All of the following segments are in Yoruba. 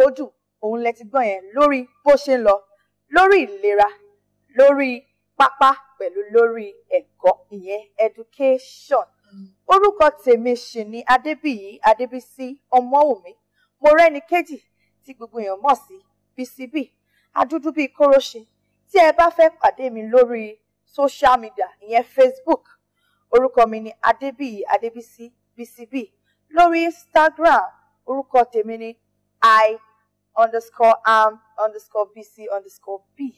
àkójù òun lẹ ti gbọ́n yẹn lórí bó ṣe ń lọ lórí ìlera lórí pápá pẹ̀lú lórí ẹ̀kọ́ ìyẹn education orúkọ tèmi ṣì ni adébíyí adébísí ọmọwùmí mo rẹ́ni kejì tí gbogbo èèyàn mọ̀ sí bcb adúdú bíi kóróṣe tí ẹ bá fẹ́ pàdé mi lórí social media ìyẹn facebook orúkọ mi ni adébíyí adébísí bcb lórí instagram orúkọ tèmi ni i underscore am underscore bc underscore b.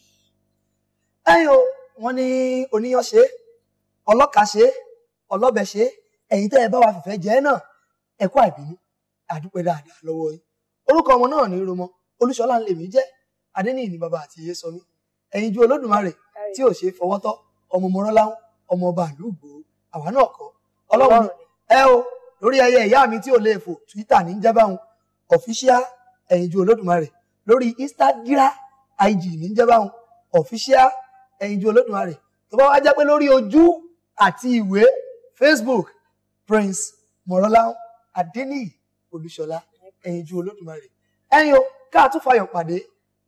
ẹyin o wọn ní oníyàn ṣe ọlọ́kà ṣe ọlọ́bẹ̀ ṣe ẹ̀yin tẹ́ ẹ bá wa fìfẹ́ jẹ́ náà ẹ kú àìbínú àdúpẹ́ dáadáa lọ́wọ́ yín orúkọ ọmọ náà ní romọ olúṣọlá ń lè mí jẹ́ adéníyì ní bàbá àti iye sọ mí ẹ̀yin ju olódùmarè tí ò ṣe fọwọ́ tọ́ ọmọ mọ́rọ́láhùn ọmọ ọba àlúgbò àwa náà kọ́ ọlọ́run ẹ o lórí ẹyẹ ìyá mi tí ò lè fò twitter ní jábáhùn official ẹ̀yìn ju olódùmarè lórí instagram ig mi ń jẹ́ báwọn official ẹ̀yìn ju olódùmarè tó bá wá jẹ́ pé lórí ojú àti ìwé facebook prince mọ̀rọ́láhùn adéníyì olúṣọlá ẹ̀yìn ju olódùmarè ẹ̀yin o káà tún fayọ̀ pàdé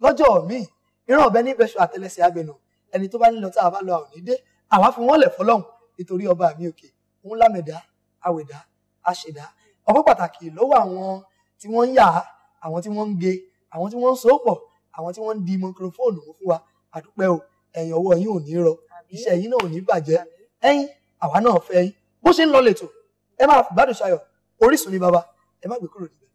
lọ́jọ́ míì ìran ọ̀bẹ ní ìbẹ̀ṣọ àtẹlẹsẹ̀ abẹnú ẹni tó bá nílọ tá a bá lọ àwọn onídé àwa fi wọ́n lẹ̀ fọlọ́hùn nítorí ọba mi òkè òun lámẹ̀dá àwẹ̀dá àṣẹ̀dá ọ̀pọ̀ pàtàkì lọ́wọ́ àwọn tí wọ́n ń yà á àwọn tí wọ́n ń ge àwọn tí wọ́n ń sopọ̀ àwọn tí wọ́n ń di microphone mú fún wa àdúpẹ́ o ẹ̀yìn ọwọ́ yín ò ní rọ iṣẹ́ yín náà ò ní bàjẹ́ ẹ̀yin àwa náà fẹ́ yín bó ṣe ń lọ lẹ́tọ̀ ẹ máa gbádùn ṣayọ̀ Orísun ni bàbá ẹ má gbé kúrò níbẹ̀.